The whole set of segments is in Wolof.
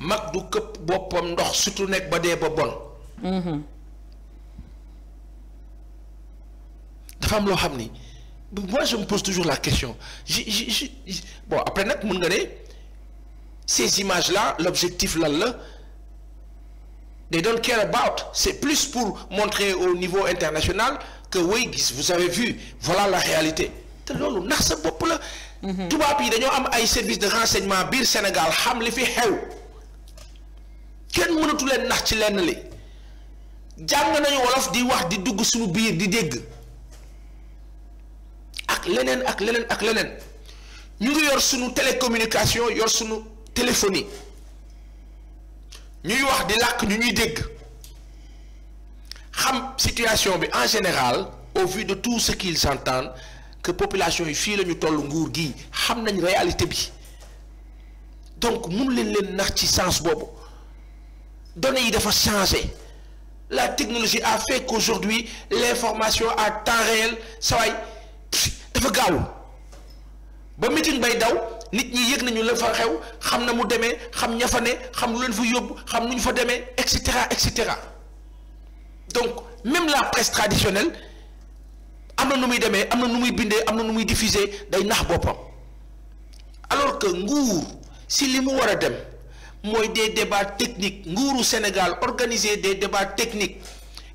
mag du këpp boppam ndox surtout nekk ba dee ba bon. Mm-hmm. dafa am loo xam ni moi je me pose toujours la question je je je bon après nag mun nga ne ces images la l'objectif lan la they don't care about c'est plus pour montrer au niveau international que oui gis vous avez vu voilà la réalité te loolu ndax sa bopp la. Mm-hmm. tubaab yi dañoo am ay services de renseignement biir Sénégal xam li fi xew. kenn leen nax ci lenn li jàng nañu wolof di wax di dugg suñu biir di dégg ak leneen ak leneen ak leneen ñu ngi yor suñu télécommunication yor suñu téléphonie ñuy wax di làkk ñu ñuy dégg xam situation bi en général au vu de tout ce qu'ils entendent que population yi fii la ñu toll nguur gi xam nañ réalité bi donc mun leen leen nax ci sens boobu données yi dafa changé la technologie a fait qu'aujourd'hui l'information à temps réel sa waay dafa gaaw ba meeting bay daw nit ñi yëg nañu la fa xew xam na mu demee xam ña fa ne xam lu leen fu yóbbu xam nu ñu fa demee et cetera et cetera donc même la presse traditionnelle am na nu muy demee am na nu muy bindee am na nu muy diffuser day nax boppam alors que nguur si li mu war a dem. mooy des débats techniques nguuru Sénégal organiser des débats techniques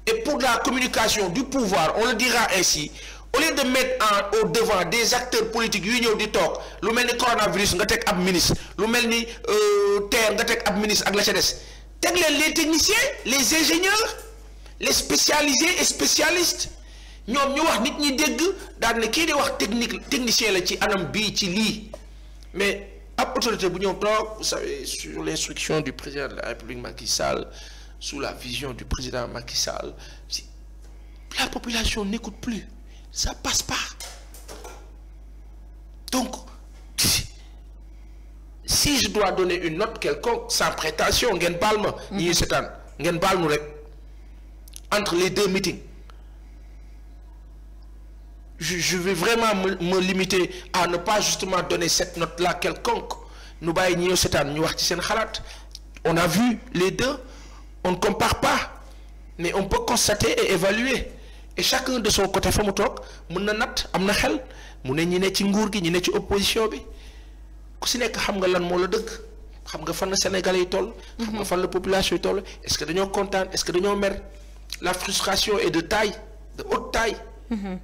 et pour la communication du pouvoir on le dira ainsi au lieu de mettre en au devant des acteurs politiques yuy ñëw di toog lu mel ni coronavirus nga teg ab ministre lu mel ni euh, terre nga teg ab ministre ak la ca des teg leen les techniciens les ingénieurs les spécialisés et spécialistes ñoom ñu wax nit ñi dégg daal kii di wax technique technicien la ci anam bii ci lii mais. ab autorité bu ñëw toog vous savez sur l'instruction du président de la République Macky Sall la vision du président Macky Sall si la population n'écoute plus ça passe pas donc si je dois donner une note quelconque sans prétention ngeen baal ma mhm. ñi seetaan ngeen baal nu rek entre les deux meetings je, je vais vraiment me, me limiter à ne pas justement donner cette note-là quelconque ñu bàyyi ñi ñëw seetaan ñu wax ci seen xalaat on a vu les deux on ne compare pas mais on peut constater et évaluer et chacun de son côté fa mu toog mën na natt am na xel mu ne ñi ne ci nguur gi ñi ne ci opposition bi ku si nekk xam nga lan moo la dëkk xam nga fan na Sénégalais yi toll. xam nga mhm. fan la population yi toll est-ce que dañoo kontaan est-ce que dañoo mer la frustration est de taille de haute mhm.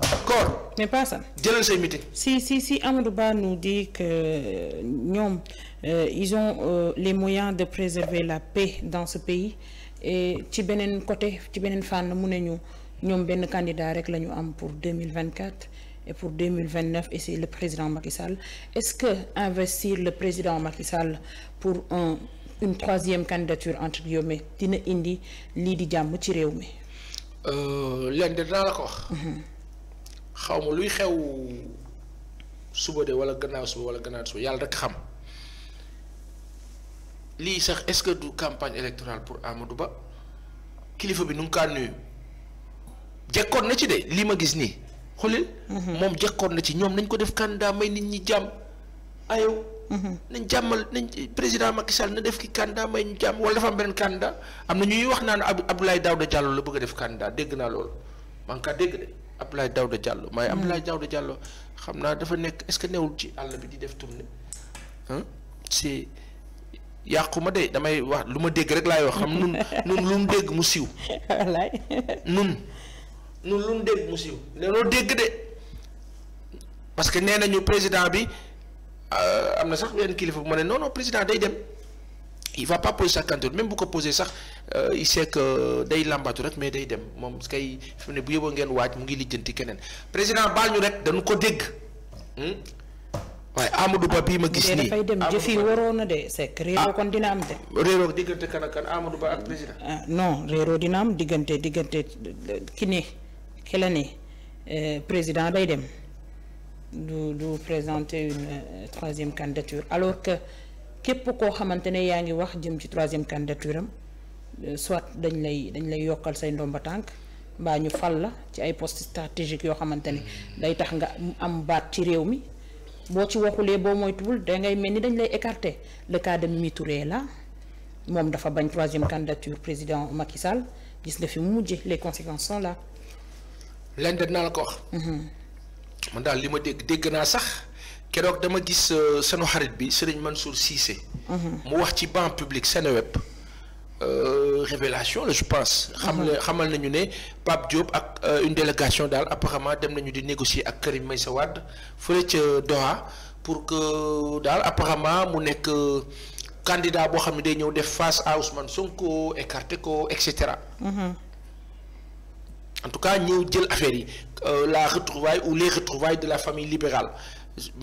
D'accord. mais pas ça. jëlal say meeting. si si si Ba nous dit que euh, ñoom euh, ils ont euh, les moyens de préserver la paix dans ce pays et ci beneen côté ci beneen fànn mu ne ñu ñoom benn candidat rek la ñu am pour deux mille vingt quatre et pour deux mille vingt neuf et c'est le président Macky Sall est-ce que investir le président Macky Sall pour un une troisième candidature entre guillemets dina indi lii di jàmm ci réew mi. Euh, léegi dinaa xaw ma luy xew suba de wala gannaaw suba wala gannaaw suba yàlla rek xam lii sax est-ce que du campagne électorale pour Amadou Ba kilifa bi nu ngi kaa nuyu jekkoon na ci de lii ma gis nii xoolil. Mhm. moom jekkoon na ci ñoom nañ ko def candidat may nit ñi jàmm ayow. Mhm. nañ jàmmal nañ président Macky Sall na def ki candidat may ñu jàmm wala dafa am beneen candidat am na ñuy wax naan Abdoulaye Daouda Diallo la bëgg a def candidat dégg naa loolu man kaa dégg de. Abdoulaye Daouda Diallo maay hmm. Abdoulaye Daouda Diallo xam naa dafa nekk est-ce que newul ci àll bi di def tournée ah c'est de damay wax lu ma dégg rek laay wax xam nun nun lu nu dégg mu siiw wallaay nun lu nu dégg mu siiw de parce que nee nañu président bi euh, am na sax benn kilifa bu ma ne non président day dem il va pas poser sa candidature même bu ko posé sax euh, il sait day làmbatu rek mais day dem moom kay fi mu ne bu yóbboo ngeen waaj mu ngi lijjanti keneen président baal ñu rek dañu ko dégg hmm? waaye Amadou Ba bii ma gis nii dafay dem jëf ah. kon dina am de. réeroo diggante kan Ba ak ah, dina am diggante diggante ki ne ki la ne euh, président day dem du du présenter une euh, troisième candidature képp koo xamante ne yaa ngi wax jëm ci troisième candidature am euh, soit dañ lay dañ lay yokkal say ndomba tànk mbaa ñu fal la ci ay poste stratégique yoo xamante ne day tax nga am baat ci réew mi boo ci waxulee boo moytuwul da ngay mel ni dañ lay écarter le cas de Mimi Touré la moom dafa bañ troisième candidature président Macky Sall gis nga fi mu mujje les conséquences son là. lenn dinaa la ko wax. Mhm. man daal li ma dégg dégg naa sax. keroog dama gis euh, senu xarit bi man Mansour Cissé. Mhm. mu wax ci banc public Seneweb euh, révélation la je pense. xam mhm. la xamal nañu ne Pape Diop ak euh, une délégation daal apparemment dem nañu di négocier ak Karim Meïssa Wade fële ca Doha pour que daal apparemment mu nekk kandidaa boo xam ne day ñëw def face à Ousmane Sonko ko et cetera. Mhm. en tout cas ñëw jël affaire yi la retrouvaille ou le retrouvailles de la famille libérale.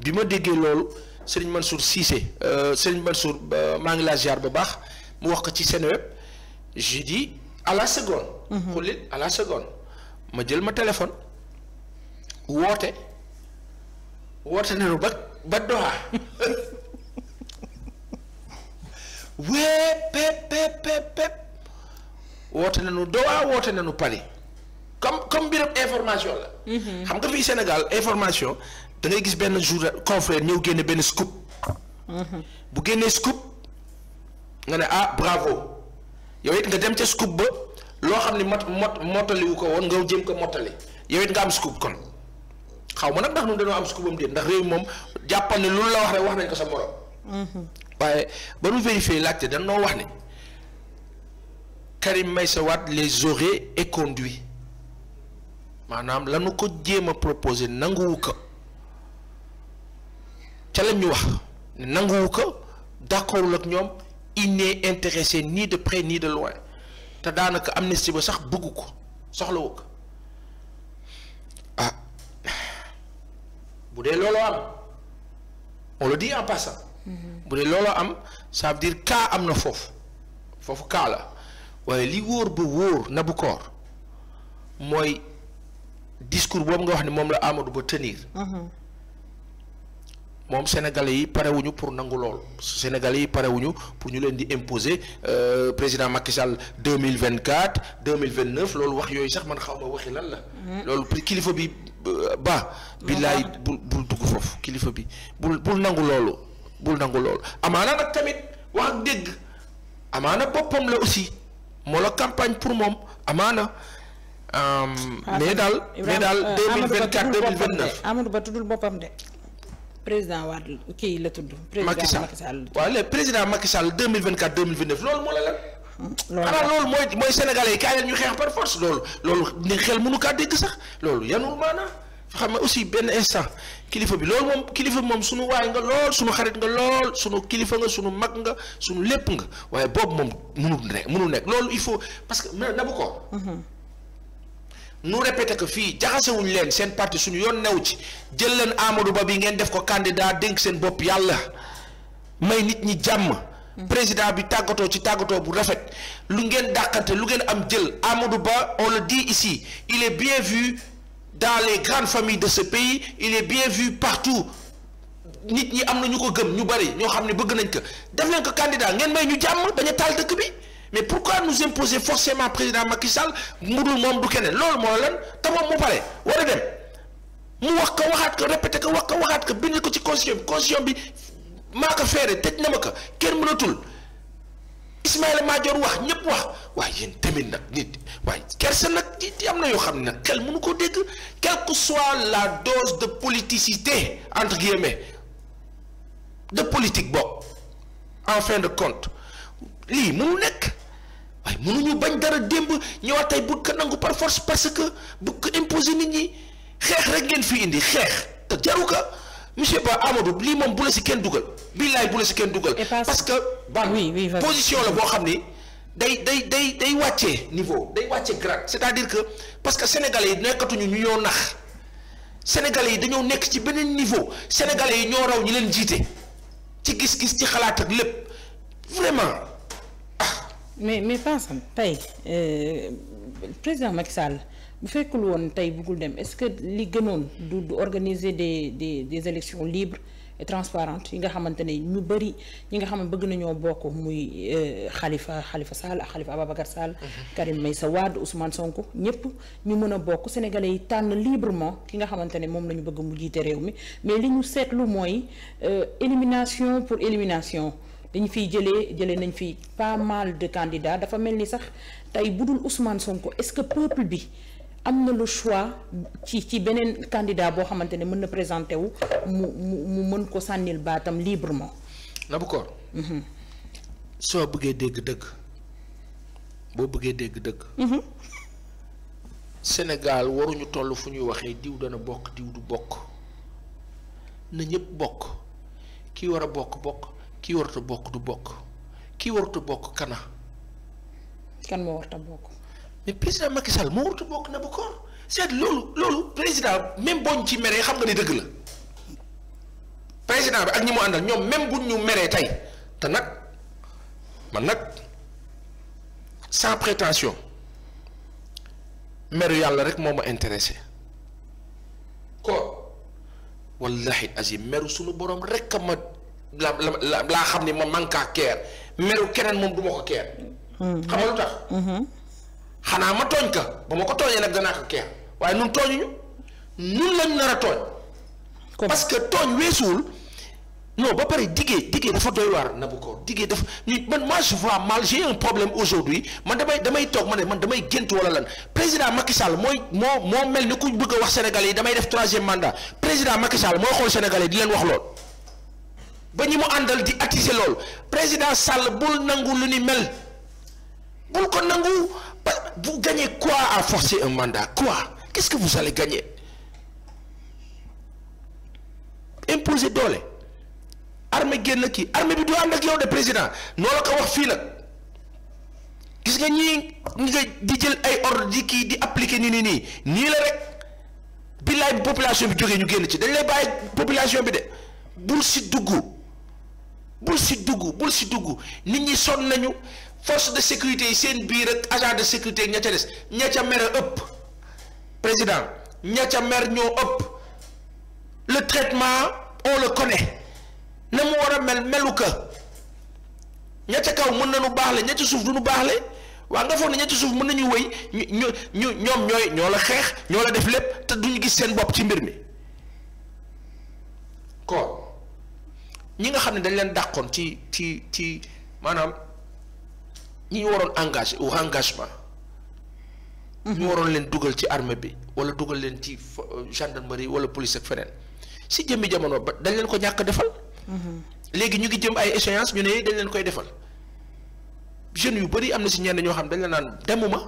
bi ma déggee loolu sëriñ Mansour Cissé euh, sëriñ Mansour maa ngi laa ziar bu baax mu wax ko ci seen web j'ai dit à la seconde. xulil mhm. à la seconde ma jël ma téléphone woote woote nañu ba ba Doha. wee pep pep pep woote nanu Doha woote nañu Paris comme comme mbiram information la. Mhm. xam nga fii Sénégal information. dangay gis benn jour confrère ñëw génne benn scoop. bu génnee scoop nga ne ah bravo yow it nga dem ca scoop ba loo xam ne mot mot mottaliwu ko woon nga jéem ko mottali yow it nga am scoop kon xaw ma nag ndax ñun dañoo am scoop am déet ndax réew moom jàppal ne loolu la wax ne wax nañ ko sa morom. waaye ba nu vérifier laajte dañ wax ne Karim Meïssa Wade les aurait éconduits maanaam lanu ko jéem a proposé nanguwu ko. cela la ñu wax ne nanguwu ko ak ñoom il n'est intéressé ni de près ni de loin te daanaka amnistie ba sax bëgg ko soxlawu ko ah bu dee looloo am on le en passant. Mm-hmm. bu dee looloo am ça veut dire am na foofu foofu cas la waaye li wóor bu wóor na bu mooy discours boobu nga wax ne moom la Amadou Ba tenir. Mm-hmm. moom sénégalais yi parewuñu pour nangu lool sénégalais yi parewuñu pour ñu leen di imposer euh, président Macky Sall deux mille vingt quatre deux mille vingt neuf loolu wax yooyu sax man xaw ma waxi lan la. Mm-hmm. loolu kilifa bi euh, ba. billaay mm-hmm. bul bul dugg foofu kilifa bi bul bul nangu loolu bul nangu loolu amaana nag tamit wax dégg amaana boppam la aussi moo la campagne pour moom amaana. Euh, ah, mais daal mais daal deux mille vingt quatre deux mille vingt neuf Amadou Ba tuddul boppam de. président Wade kii la tudd. président Macky Sall waaw léegi président Macky Sall 2024 2029 loolu moo la hmm, la. loolu loolu mooy mooy sénégalais yi kaay ñu xeex par force loolu loolu ni xel mënu kaa dégg sax loolu yanul maanaa xam nga aussi benn instant kilifa bi loolu moom kilifa moom sunu waay nga lool sunu xarit nga lool sunu kilifa nga sunu mag nga sunu lépp nga waaye boobu moom mënul nekk mënul nekk loolu il faut parce que na ko. Hmm, hmm. nu répété ko fii jaxasewuñ leen seen parti suñu yoon new ci jël leen Amadou Ba bi ngeen def ko candidat dénk seen bopp yàlla may nit ñi jàmm. président bi tàggatoo ci tàggatoo bu rafet lu ngeen dàqante lu ngeen am jël Amadou Ba on di dit ici il est bien vu dans les grandes familles de ce pays il est bien vu partout nit ñi am na ñu ko gëm ñu bari ñoo xam ne bëgg nañ ko def leen ko candidat ngeen may ñu jàmm bañ a taal dëkk bi. mais pourquoi nous imposer forcément président Macky Sall mu dul moom du keneen loolu moo lan te moom mu pare war a dem mu wax ko waxaat ko répété ko wax ka waxaat ko bind ko ci constitution bi constitution bi maa ko feere tëj na ma ko kenn mënatul Ismaïla Madior wax ñëpp wax waaye yéen tamit nag nit waaye kersa nag ci am na yoo xam ne nag xel mënu ko dégg quelle que soit la dose de politicité entre guillemets de politique boobu en fin de compte lii mënu nekk. waaye mënuñu bañ dara démb ñëwaat tey bëgg ko nangu par force parce que bëgg ko imposer nit ñi xeex rek ngeen fii indi xeex te jaru ka monsieur Ba Amadou lii moom bu la si kenn dugal billaay bu la si kenn dugal. parce que ban position la boo xam ni day day day day wàcce niveau day wàccee grade. c'est-à-dire que parce que sénégale yi nekkatuñu ñu ñoo nax sénégalais yi dañoo nekk ci beneen niveau sénégalais yi ñoo raw ñi leen jiite ci gis-gis ci xalaat ak lépp vraiment. mais mais pensam tey euh, président Macky Sall bu fekkul woon tey buggul dem est-ce que li gënoon du du des des des élections libre et yi nga xamante ne ñu bëri ñi nga xam bëgg nañoo bokk muy xalifa euh, xalifa Sall xalifa Khalifa Ababacar Sall. Karim Meïssa Wade Ousmane Sonko ñëpp ñu mën a bokk sénégalais yi tànn librement ki nga xamante ne moom lañu bëgg mu jiite réew mi mais li ñu seetlu mooy euh, élimination pour élimination. dañu fiy jëlee jëlee nañ fi pas mal de candidats dafa mel ni sax tey bu dul Ousmane Sonko est-ce que peuple bi am na lu choix ci ci beneen candidat boo xamante ne mën na présenter wu mu mu mën ko sànnil baatam librement. Nabokor. Mhm. soo bëggee dégg dëgg boo bëggee dégg dëgg. Mhm. Sénégal waruñu toll fu ñuy waxee diw dana bokk diw du bokk na ñëpp bokk kii war a bokk bokk. kii warut a bokk du bokk kii warut a bokk kana. kan moo warut a bokk. mais président Macky Sall moo warut bokk na bu koor seet loolu loolu président même booñ ci meree xam nga ni dëgg la président bi ak ñi mu àndal ñoom même bu ñu meree tey te nag man nag san prétention meru yàlla rek moo ma intéressé ko wallahi azim meru sunu boroom rekk a ma. la la laa xam ni ma man kaa keer meru keneen moom du ma ko keer. Hmm. xam nga lu tax. Hmm. xanaa ma tooñ ka ba ma ko tooñee nag danaa ko keer waaye nun tooñuñu nun lañ nar a tooñ. parce que tooñ weesuwul non ba pare diggee diggee dafa doy waar na bu ko diggee dafa ñu man moi je vois mal j'ai un problème aujourd'hui man damay damay toog ma ne man damay gént wala lan président Macky Sall mooy moo moo mel ni ku bëgg a wax Sénégalais yi damay def troisième mandat président Macky Sall mooy xool Sénégalais di leen wax ba ñi mu àndal di attisé lool président Sall bul nangu lu ni mel bul ko nangu ba vous gagnez quoi à forcer un mandat quoi qu'est-ce que vous allez gagner imposer doole armée génn kii armée bi du ànd ak yow de président noo la ko wax fii nag gis nga ñi nga di jël ay ordre di kii di appliquer nii nii nii nii la rek billaay population bi jógee ñu génn ci dañu lay bàyyi population bi de bul si duggu bul si dugg bul si dugg nit ñi sonn nañu force de sécurité yi seen biir ak agent de sécurité yi ña ca des ña ca mer a ëpp président ña ca mer ñoo ëpp le traitement on le connaît na mu war a mel melu ña ca kaw mën na nu baax le ña ca suuf du nu baax le waa nga foog ne ña ca suuf mën nañu wéy ñu ñu ñoom ñooy ñoo la xeex ñoo la def lépp te ñu gis seen bopp ci mbir mi kon ñi nga xam ne dañ leen dàqoon ci ci ci maanaam ñi ñu waroon engagé ou engagement. Mhm. ñu waroon leen dugal ci armée bi wala dugal leen ci euh, gendarmerie wala police ak feneen si jëmmi jamono ba dañ leen ko ñàkk defal. Mhm. léegi ñu ngi jëm ay échéance ñu ne dañ leen koy defal jeunes yu bari am na si ñenn ñoo xam ne dañ la naan demuma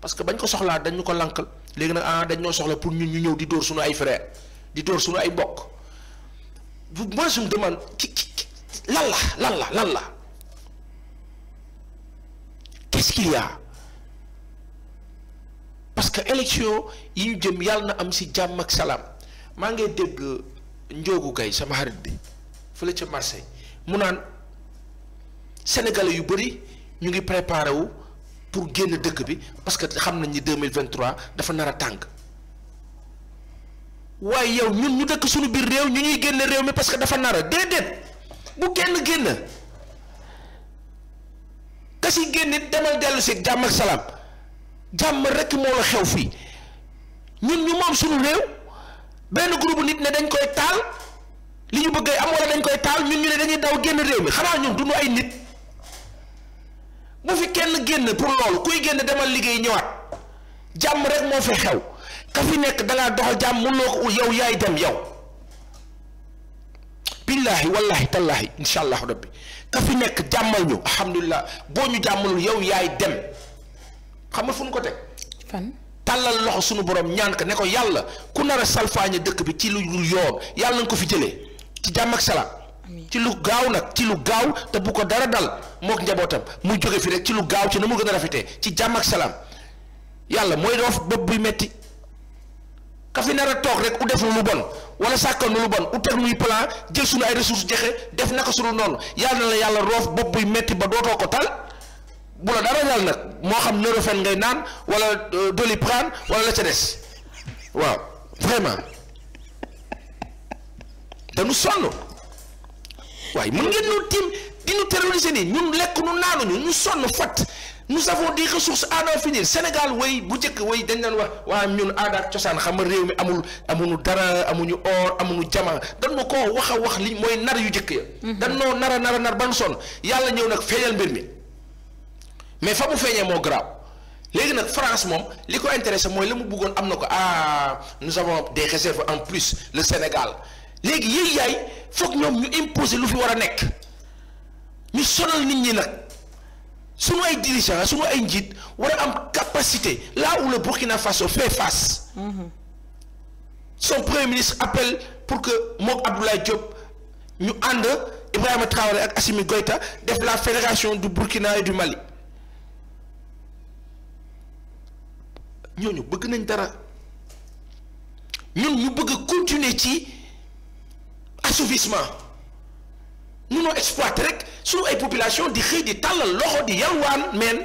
parce que bañ ko soxlaa dañ ñu ko lankal léegi nag ah dañ ñoo soxla pour ñun ñu ñëw di dóor suñu ay frère di dóor suñu ay mbokk. moi je me demande ki ki lan la lan la lan la quest parce que élection yi ñu jëm yàlla na am si jàmm ak salaam maa ngi dégg njoogu gay sama xarit bi fële ca Marseille mu naan sénégalais yu bëri ñu ngi préparé wu pour génn dëkk bi parce que xam nañ ni 2023 dafa nar a tàng. waaye yow ñun ñu dëkk suñu biir réew ñu ñuy génn réew mi parce que dafa nara déedéet bu kenn génn ka si génn demal dellu si jàmm ak salaam jàmm rekk moo la xew fii ñun ñu moom suñu réew benn groupe nit ne dañ koy taal li ñu bëgg am walla dañ koy taal ñun ñu ne dañuy daw génn réew mi xanaa ñun duñu ay nit bu fi kenn génn pour loolu kuy génn demal liggéey ñëwaat jàmm rekk moo fi xew ka fi nekk dalaa doxal jàmm mënoo ko yow yaay dem yow billaahi wallaahi tallaahi insha allahu rabbi ka nekk jàmmal ñu alhamdulilah boo ñu jàmmalul yow yaay dem xam nga fu ñu ko teg tàllal loxo sunu borom ñaan ka ne ko yàlla ku nar a salfaaña dëkk bi ci lu dul yoon yàlla na ko fi jëlee ci jàmm ak salaam ci lu gaaw nag ci lu gaaw te bu ko dara dal mook njabootam mu jóge fi rek ci lu gaaw ci na mu gën a rafetee ci jàmm ak salaam yàlla mooy doof bopp buy ka fi nar a toog rek u def lu bon wala sàkkan lu bon u teg muy plan jël suñu ay ressources jexe def naka suñu noonu yàlla na la yàlla roof bopp buy metti ba dootoo ko tal bu la dara dal nag moo xam Nurofen ngay naan wala euh, Doliprane wala la ca des waaw vraiment dañu sonn waaye mën ngeen ñu tiim di ñu nii ñun lekk ñu naanuñu ñu sonn fat nous avons des ressources à Sénégal way bu njëkk way dañ daan wax waa ñun aada cosaan xam nga réew mi amul amuñu dara amuñu or amuñu jama dañu ko wax wax li mooy nar yu njëkk ya. Mhm. dañoo nar nar a nar yàlla ñëw nag feeñal mbir mi mais fa feeñee moo léegi nag France moom li ko intéressé mooy la mu bëggoon am na ko ah nous avons des en plus le Sénégal léegi yéen yaay foog ñoom ñu imposer lu fi war a nekk ñu sonal nit ñi nag. suñu ay dirigeants suñu ay njiit war a am capacité là où le Burkina Faso fait face. son premier ministre appelle pour que mook Abdoulaye Diop ñu ànd Ibrahima Traoré ak Assimi Goïta def la fédération du Burkina du Mali ñooñu bëgg nañ dara ñun ñu bëgg continuer ci assouvissement. mënoo exploiter rek suñu ay population di xëy di tàllal loxo di yalwaan meen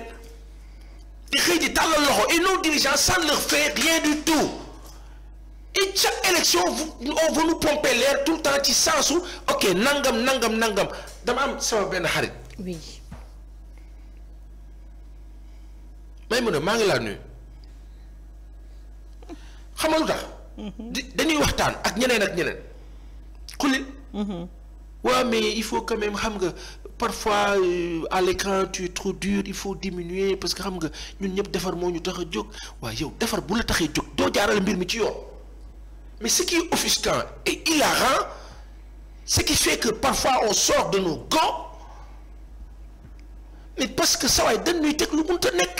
di xëy di tàllal loxo et nos dirigeants ça ne leur fait rien du tout et chaque élection on veut nous pomper tout le temps ci sensu ok nangam nangam nangam dama am sama benn xarit. oui. may mën a maa ngi laa nuyu xamal lu mhm. dañuy waxtaan ak ñeneen ak ñeneen xulli. Mhm. waaw mais il faut quand même xam nga parfois euh, à l'écran tu trop dur il faut diminuer parce que xam nga ñun ñëpp defar moo ñu tax a jóg waaye yow defar bu la taxee jóg doo jaaral mbir mi ci yoon mais ce qui est offusquant et hilarant ce qui fait que parfois on sort de nos gonds parce que saa waay dañ ñuy teg lu mënta nekk.